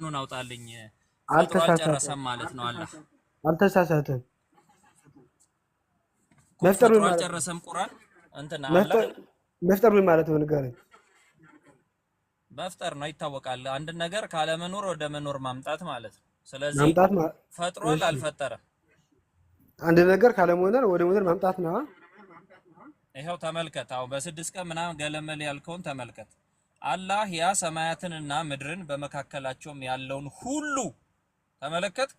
ቁርአኑን አውጣልኝ አልተሳሳተም ማለት ነው። አላህ አልተሳሳተም። መፍጠሩን አልጨረሰም። ቁርአን እንትና አላህ መፍጠሩን ማለት ነው። ንገረኝ። መፍጠር ነው ይታወቃል። አንድ ነገር ካለ መኖር ወደ መኖር ማምጣት ማለት ነው። ስለዚህ ማምጣት ማለት ፈጥሯል አልፈጠረም። አንድ ነገር ካለ መኖር ወደ መኖር ማምጣት ነው። ይኸው ተመልከት። አሁን በስድስት ቀን ምናምን ገለመል ያልከውን ተመልከት። አላህ ያ ሰማያትንና ምድርን በመካከላቸውም ያለውን ሁሉ ተመለከት፣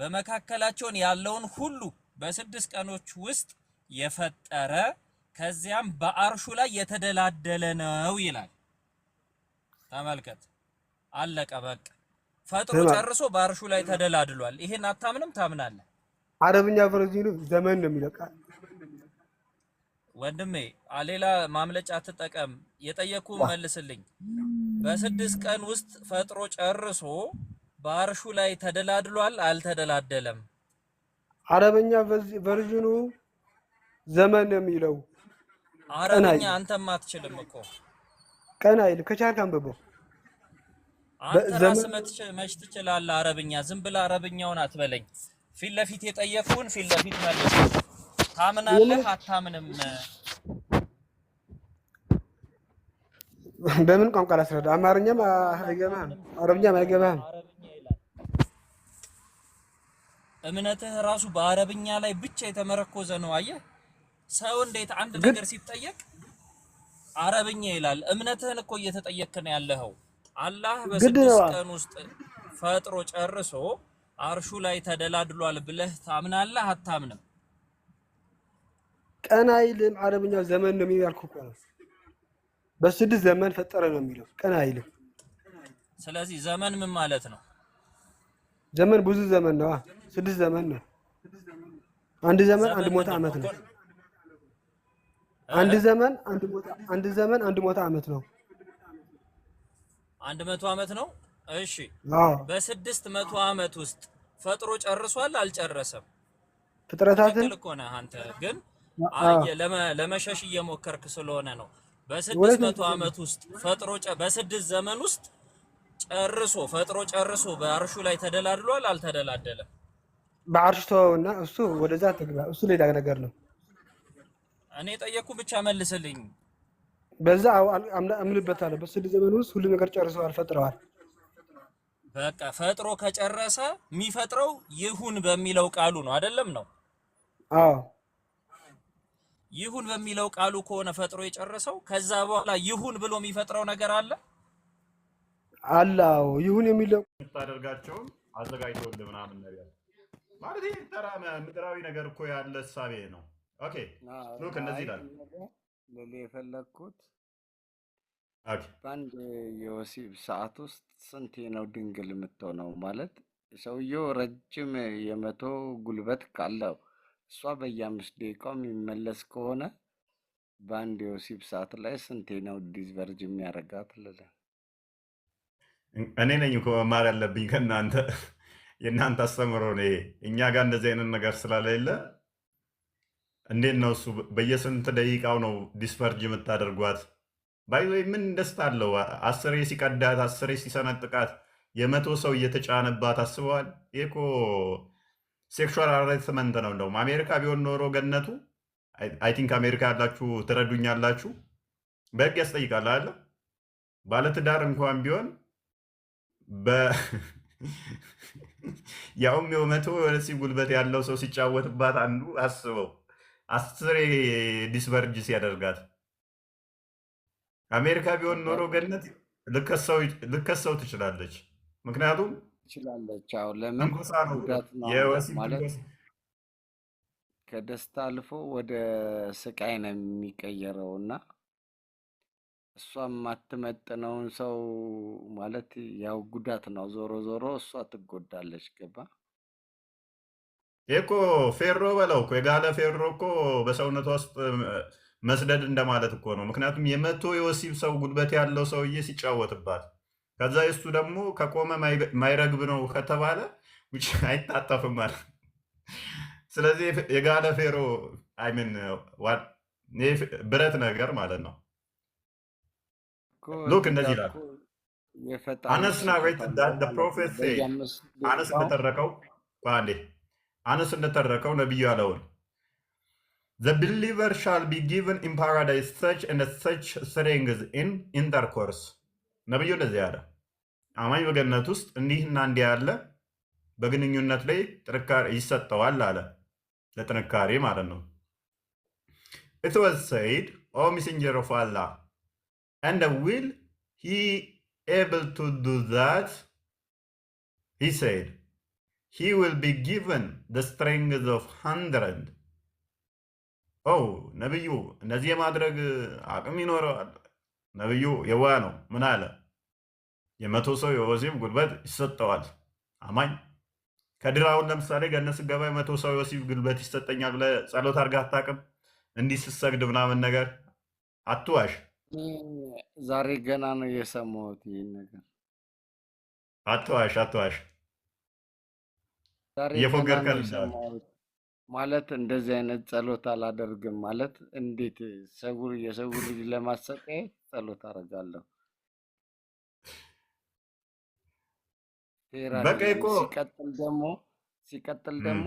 በመካከላቸውን ያለውን ሁሉ በስድስት ቀኖች ውስጥ የፈጠረ ከዚያም በአርሹ ላይ የተደላደለ ነው ይላል። ተመልከት፣ አለቀ በቃ። ፈጥሮ ጨርሶ በአርሹ ላይ ተደላድሏል። ይሄን አታምንም? ታምናለህ? አረብኛ ቨርዚኑ ዘመን ነው የሚለቃል ወንድሜ ሌላ ማምለጫ አትጠቀም። የጠየኩ መልስልኝ። በስድስት ቀን ውስጥ ፈጥሮ ጨርሶ በአርሹ ላይ ተደላድሏል አልተደላደለም? አረበኛ ቨርዥኑ ዘመን የሚለው አረበኛ አንተም አትችልም እኮ ቀን አይል ከቻልክ አንብበው። አንተ ራስህ መች ትችላለህ አረብኛ። ዝም ብለህ አረብኛውን አትበለኝ። ፊት ለፊት የጠየኩህን ፊት ለፊት መልስ። ታምናለህ አታምንም? በምን ቋንቋ ላስረዳ? አማርኛም አይገባህም፣ አረብኛም አይገባህም። እምነትህ ራሱ በአረብኛ ላይ ብቻ የተመረኮዘ ነው። አየህ፣ ሰው እንዴት አንድ ነገር ሲጠየቅ አረብኛ ይላል። እምነትህን እኮ እየተጠየክ ነው ያለኸው። አላህ በስድስት ቀን ውስጥ ፈጥሮ ጨርሶ አርሹ ላይ ተደላድሏል ብለህ ታምናለህ አታምንም? ቀን አይልም። አረብኛ ዘመን ነው የሚለው ያልኩህ እኮ ነው። በስድስት ዘመን ፈጠረ ነው የሚለው ቀን አይልም። ስለዚህ ዘመን ምን ማለት ነው? ዘመን ብዙ ዘመን ነው። ስድስት ዘመን ነው። አንድ ዘመን አንድ ሞት ዓመት ነው። አንድ ዘመን አንድ ሞት አንድ ዘመን አንድ ሞት ዓመት ነው። አንድ መቶ ዓመት ነው። እሺ በስድስት መቶ ዓመት ውስጥ ፈጥሮ ጨርሷል አልጨረሰም? ፍጥረታትን እኮ ነህ አንተ ግን ለመሸሽ እየሞከርክ ስለሆነ ነው። በስድስት መቶ ዓመት ውስጥ ፈጥሮ በስድስት ዘመን ውስጥ ጨርሶ ፈጥሮ ጨርሶ በአርሹ ላይ ተደላድሏል። አልተደላደለም። በአርሹ ተወውና እሱ ወደዛ ትግባ። እሱ ሌላ ነገር ነው። እኔ የጠየቅኩ ብቻ መልስልኝ። በዛ አምልበታለሁ። በስድስት ዘመን ውስጥ ሁሉ ነገር ጨርሰዋል፣ ፈጥረዋል። በቃ ፈጥሮ ከጨረሰ የሚፈጥረው ይሁን በሚለው ቃሉ ነው አይደለም? ነው አዎ ይሁን በሚለው ቃሉ ከሆነ ፈጥሮ የጨረሰው ከዛ በኋላ ይሁን ብሎ የሚፈጥረው ነገር አለ አላው ይሁን የሚለው የምታደርጋቸውም አዘጋጅቶልህ ምናምን ነገር ማለት ይህ ተራ ምድራዊ ነገር እኮ ያለ እሳቤ ነው። ኦኬ ሉክ እንደዚህ ይላል ልል የፈለግኩት በአንድ የወሲብ ሰዓት ውስጥ ስንቴ ነው ድንግል የምትሆነው? ማለት ሰውየው ረጅም የመቶ ጉልበት ካለው እሷ በየአምስት ደቂቃው የሚመለስ ከሆነ በአንድ የወሲብ ሰዓት ላይ ስንቴ ነው ዲስቨርጅ የሚያደርጋት? እኔ ነኝ እኮ መማር ያለብኝ ከእናንተ የእናንተ አስተምሮ ነው እኛ ጋር እንደዚህ አይነት ነገር ስለሌለ እንዴት ነው እሱ በየስንት ደቂቃው ነው ዲስፐርጅ የምታደርጓት? ባይ ወይ ምን ደስታ አለው? አስሬ ሲቀዳት፣ አስሬ ሲሰነጥቃት፣ የመቶ ሰው እየተጫነባት አስበዋል። ይሄ እኮ ሴክሹዋል ሃራስመንት ነው። እንደውም አሜሪካ ቢሆን ኖሮ ገነቱ አይ ቲንክ አሜሪካ ያላችሁ ትረዱኛላችሁ። በህግ ያስጠይቃል አለ ባለትዳር እንኳን ቢሆን ያውም መቶ የሆነ ጉልበት ያለው ሰው ሲጫወትባት አንዱ አስበው አስሬ ዲስቨርጅስ ያደርጋት። አሜሪካ ቢሆን ኖሮ ገነት ልከሰው ትችላለች ምክንያቱም ትችላለች። አዎ ለምን ከደስታ አልፎ ወደ ስቃይ ነው የሚቀየረው እና እሷ የማትመጥነውን ሰው ማለት ያው ጉዳት ነው። ዞሮ ዞሮ እሷ ትጎዳለች። ገባ? ይህ እኮ ፌሮ በለው እኮ የጋለ ፌሮ እኮ በሰውነቷ ውስጥ መስደድ እንደማለት እኮ ነው። ምክንያቱም የመቶ የወሲብ ሰው ጉልበት ያለው ሰውዬ ሲጫወትባት ከዛ እሱ ደግሞ ከቆመ ማይረግብ ነው ከተባለ ውጭ አይታጠፍም አለ። ስለዚህ የጋለ ፌሮ ብረት ነገር ማለት ነው። ሉክ እንደዚህ ይላል። አነስ እንደተረከው በአንዴ አነስ እንደተረከው ነቢዩ ያለውን The believer shall be given in paradise such and such strength in intercourse ነብዩ እንደዚህ ያለ አማኝ በገነት ውስጥ እንዲህና እንዲህ ያለ በግንኙነት ላይ ጥንካሬ ይሰጠዋል አለ። ለጥንካሬ ማለት ነው። ኢት ዋዝ ሰይድ ኦ ሚሴንጀር ኦፍ አላህ እንደ ዊል ሂ ኤብል ቱ ዱ ዛት ሂ ሰይድ ሂ ዊል ቢ ጊቨን ዘ ስትሬንግዝ ኦፍ ሀንድረድ ኦ ነቢዩ እነዚህ የማድረግ አቅም ይኖረዋል። ነቢዩ የዋ ነው። ምን አለ የመቶ ሰው የወሲብ ጉልበት ይሰጠዋል። አማኝ አሁን ለምሳሌ ገነት ስገባ የመቶ ሰው የወሲብ ጉልበት ይሰጠኛል ብለ ጸሎት አድርገህ አታውቅም? እንዲህ ስትሰግድ ምናምን ነገር አትዋሽ። ዛሬ ገና ነው የሰማሁት ይህን ነገር። አትዋሽ፣ አትዋሽ። ማለት እንደዚህ አይነት ጸሎት አላደርግም ማለት እንዴት? ሰው የሰው ልጅ ለማሰቃየት ጸሎት አደርጋለሁ ሲቀጥል ደግሞ ሲቀጥል ደግሞ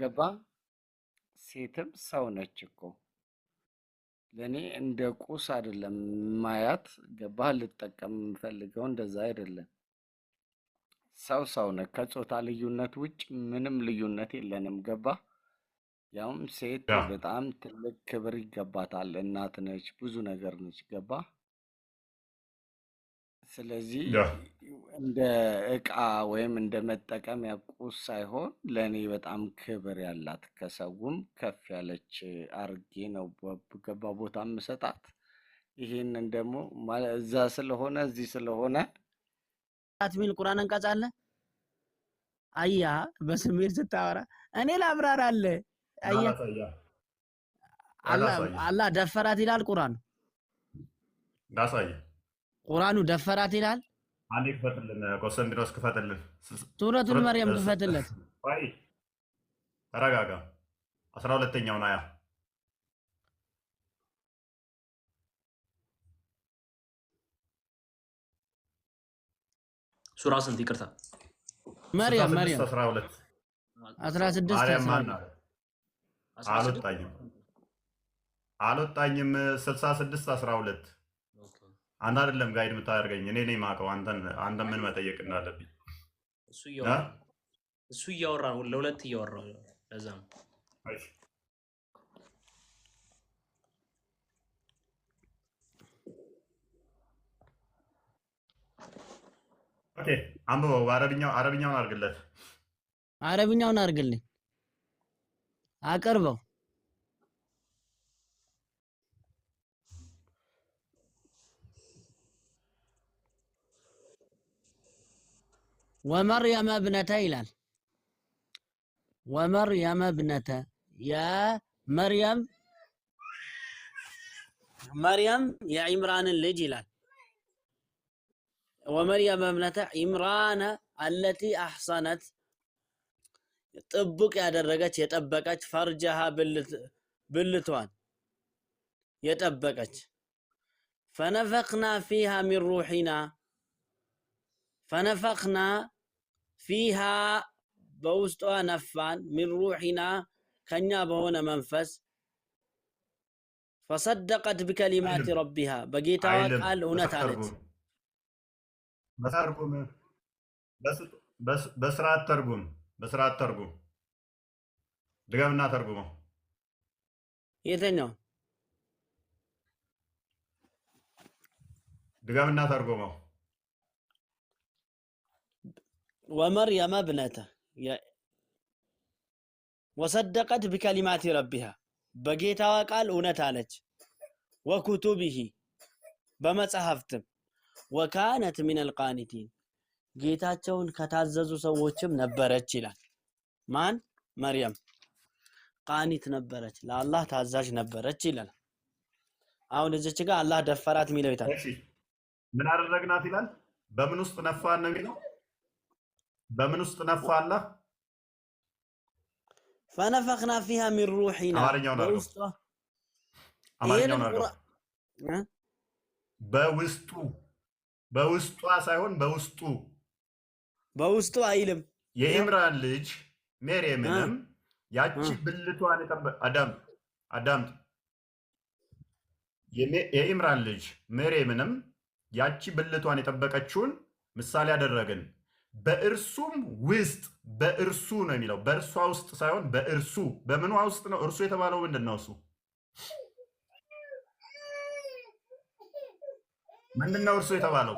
ገባ ሴትም ሰው ነች እኮ ለእኔ እንደ ቁስ አይደለም ማያት ገባ ልጠቀም የምፈልገው እንደዛ አይደለም። ሰው ሰው ነች። ከጾታ ልዩነት ውጭ ምንም ልዩነት የለንም። ገባ ያውም ሴት በጣም ትልቅ ክብር ይገባታል። እናት ነች፣ ብዙ ነገር ነች። ገባህ? ስለዚህ እንደ እቃ ወይም እንደ መጠቀም ቁስ ሳይሆን ለእኔ በጣም ክብር ያላት ከሰውም ከፍ ያለች አርጌ ነው በገባ ቦታ የምሰጣት። ይህንን ደግሞ እዛ ስለሆነ እዚህ ስለሆነ ሚል ቁራን አንቀጽ አለ። አያ በስሜት ስታወራ እኔ ላብራራ አለ አላ ደፈራት ይላል ቁራኑ ቁራኑ ደፈራት ይላል አንዴ ክፈትልን፣ ቆስጠንጢኖስ ክፈትልን፣ ሱረቱል መርየም ክፈትለት። ተረጋጋ። አስራ ሁለተኛው ናያ ሱራ ስንት? ይቅርታ መርያም መርያም አስራ ስድስት አልወጣኝም፣ አልወጣኝም ስልሳ ስድስት አስራ ሁለት አንተ አይደለም ጋይድ የምታደርገኝ እኔ ነኝ የማውቀው። አንተን ምን መጠየቅ እንዳለብኝ እሱ እያወራ ለሁለት እያወራ ለዛ ነው። ኦኬ አንብበው። አረብኛውን አርግለት፣ አረብኛውን አርግልኝ፣ አቅርበው ومريم ابنتي يلال ومريم ابنة يا مريم مريم يا عمران اللي جلال ومريم ابنة عمران التي أحصنت طبق ያደረገች የጠበቀች فرجها باللتوان የጠበቀች فنفخنا فيها من روحنا فنفخنا ፊሃ በውስጧ ነፋን ሚን ሩሒና ከኛ በሆነ መንፈስ ፈሰደቀት ቢከሊማት ረቢሃ በጌታዋ ቃል እውነት አለች። በስርዓት ተርጉም በስርዓት ተርጉም ድገምና ተርጉመው። የትኛው ድገምና ተርጉመው ወመርየመ ብነተ ወሰደቀት ቢከሊማቲ ረቢሃ በጌታዋ ቃል እውነት አለች። ወኩቱቢሂ በመጽሐፍትም ወካነት ሚነል ቃኒቲን ጌታቸውን ከታዘዙ ሰዎችም ነበረች ይላል። ማን መርየም ቃኒት ነበረች፣ ለአላህ ታዛዥ ነበረች ይላል። አሁን እዚች ጋር አላህ ደፈራት የሚለው ይታል። ምን አደረግናት ይላል። በምን ውስጥ ነፋን ነው የሚለው በምን ውስጥ ነፋላህ? ፈነፈክና ፊሃ ሚን ሩሒና በውስጡ በውስጧ ሳይሆን በውስጡ በውስጡ አይልም። የኢምራን ልጅ ሜርየምንም ያቺ ብልቷን አዳም አዳም የኢምራን ልጅ ሜርየምንም ያቺ ብልቷን የጠበቀችውን ምሳሌ አደረግን። በእርሱም ውስጥ በእርሱ ነው የሚለው በእርሷ ውስጥ ሳይሆን በእርሱ በምኗ ውስጥ ነው? እርሱ የተባለው ምንድን ነው? እሱ ምንድን ነው? እርሱ የተባለው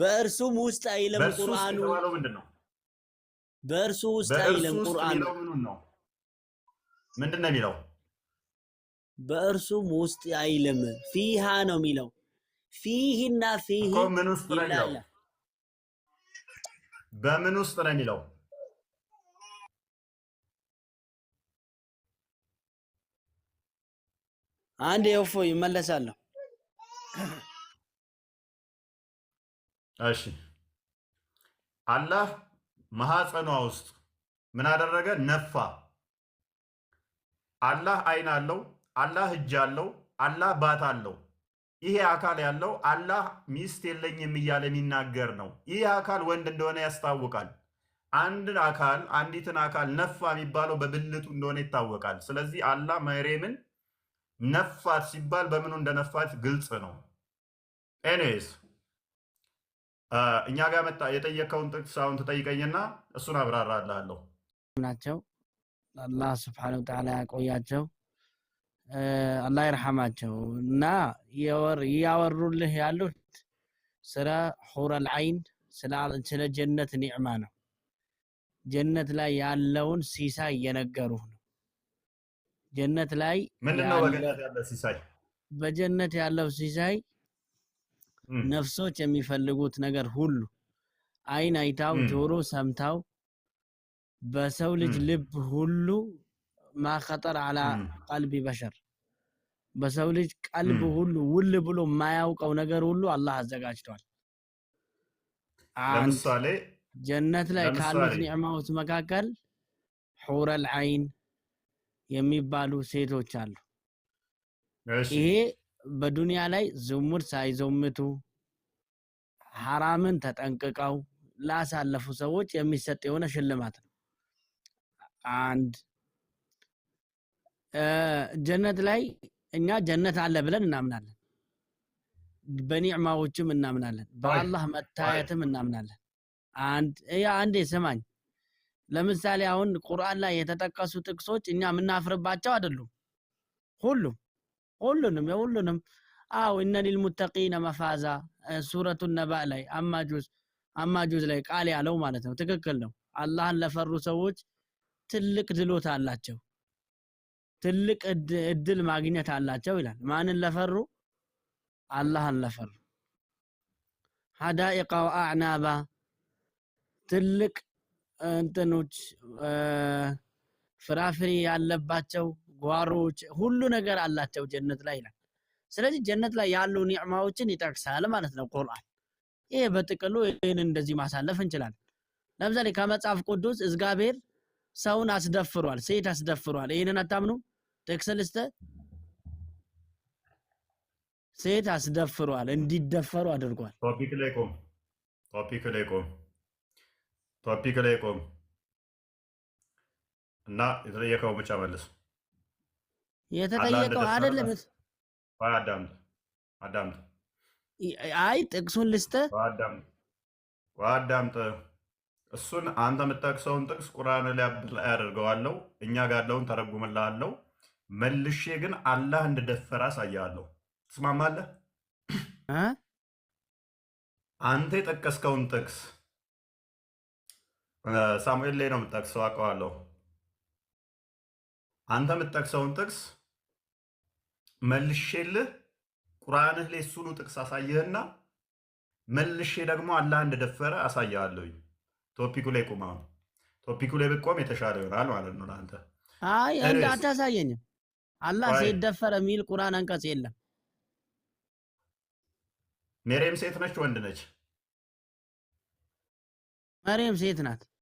በእርሱም ውስጥ አይለም። ቁርአኑ የተባለው ምንድን ነው? በእርሱ ውስጥ አይለም። ቁርአኑ ነው? ምንድን ነው የሚለው? በእርሱም ውስጥ አይለም ፊሃ ነው የሚለው ፊህና ፊህ ምን ውስጥ ነው በምን ውስጥ ነው የሚለው አንድ የውፎ ይመለሳለሁ። እሺ አላህ ማህፀኗ ውስጥ ምን አደረገ? ነፋ። አላህ አይን አለው። አላህ እጅ አለው። አላህ ባት አለው። ይሄ አካል ያለው አላህ ሚስት የለኝም እያለ የሚናገር ነው። ይህ አካል ወንድ እንደሆነ ያስታውቃል። አንድ አካል አንዲትን አካል ነፋ የሚባለው በብልቱ እንደሆነ ይታወቃል። ስለዚህ አላህ መሬምን ነፋት ሲባል በምኑ እንደነፋት ግልጽ ነው። ኤኒዌይስ እኛ ጋር መጣ የጠየቀውን ጥቅስ አሁን ትጠይቀኝና እሱን አብራራላለሁ ናቸው። አላህ ስብሐነሁ ወተዓላ ያቆያቸው። አላህ ይርሐማቸው እና እያወሩልህ ያሉት ስለ ሁረል ዐይን ስለ ጀነት ኒዕማ ነው። ጀነት ላይ ያለውን ሲሳይ እየነገሩህ ነው። ጀነት ላይ በጀነት ያለው ሲሳይ ነፍሶች የሚፈልጉት ነገር ሁሉ አይን አይታው፣ ጆሮ ሰምታው፣ በሰው ልጅ ልብ ሁሉ ማከጠር አላ ቀልቢ በሸር በሰው ልጅ ቀልብ ሁሉ ውል ብሎ የማያውቀው ነገር ሁሉ አላህ አዘጋጅቷል። ለምሳሌ ጀነት ላይ ካሉት ኒዕማዎች መካከል ሑረል ዐይን የሚባሉ ሴቶች አሉ። ይሄ በዱንያ ላይ ዝሙት ሳይዘምቱ ሐራምን ተጠንቅቀው ላሳለፉ ሰዎች የሚሰጥ የሆነ ሽልማት ነው። አንድ ጀነት ላይ እኛ ጀነት አለ ብለን እናምናለን። በኒዕማዎችም እናምናለን። በአላህ መታየትም እናምናለን። አንድ የሰማኝ ለምሳሌ አሁን ቁርአን ላይ የተጠቀሱ ጥቅሶች እኛ የምናፍርባቸው አይደሉም። ሁሉም ሁሉንም የሁሉንም አው እነ ሊልሙተቂነ መፋዛ ሱረቱ ነባ ላይ አማጁዝ አማጁዝ ላይ ቃል ያለው ማለት ነው። ትክክል ነው። አላህን ለፈሩ ሰዎች ትልቅ ድሎት አላቸው። ትልቅ እድል ማግኘት አላቸው ይላል። ማንን ለፈሩ? አላህን ለፈሩ። ሐዳኢቀ ወአዕናባ ትልቅ እንትኖች ፍራፍሬ ያለባቸው ጓሮዎች ሁሉ ነገር አላቸው ጀነት ላይ ይላል። ስለዚህ ጀነት ላይ ያሉ ኒዕማዎችን ይጠቅሳል ማለት ነው ቁርአን። ይሄ በጥቅሉ ይህን እንደዚህ ማሳለፍ እንችላለን። ለምሳሌ ከመጽሐፍ ቅዱስ እግዚአብሔር ሰውን አስደፍሯል፣ ሴት አስደፍሯል። ይሄንን አታምኑ? ጥቅስ ልስተ ሴት አስደፍሯል፣ እንዲደፈሩ አድርጓል። ቶፒክ ላይ ቆም፣ ቶፒክ ላይ ቆም፣ ቶፒክ ላይ ቆም እና የተጠየቀው ብቻ መልስ። የተጠየቀው አይደለም። አዳምጥ፣ አዳምጥ። አይ ጥቅሱን ልስተ አዳምጥ፣ አዳምጥ እሱን አንተ የምጠቅሰውን ጥቅስ ቁርአን ላይ አብድ ላይ እኛ ጋር ያለውን ተረጉምልሃለሁ። መልሼ ግን አላህ እንደደፈረ አሳያለሁ። ትስማማለህ? አንተ የጠቀስከውን ጥቅስ ሳሙኤል ላይ ነው የምጠቅሰው፣ አውቀዋለሁ። አንተ የምጠቅሰውን ጥቅስ መልሼልህ ቁርአንህ ላይ እሱኑ ጥቅስ አሳየህና መልሼ ደግሞ አላህ እንደደፈረ አሳያለሁኝ። ቶፒኩ ላይ ቁም። አሁን ቶፒኩ ላይ ብቆም የተሻለ ይሆናል ማለት ነው። ለአንተ አታሳየኝም። አላህ ሴት ደፈረ የሚል ቁርአን አንቀጽ የለም። መሬም ሴት ነች፣ ወንድ ነች? መሬም ሴት ናት።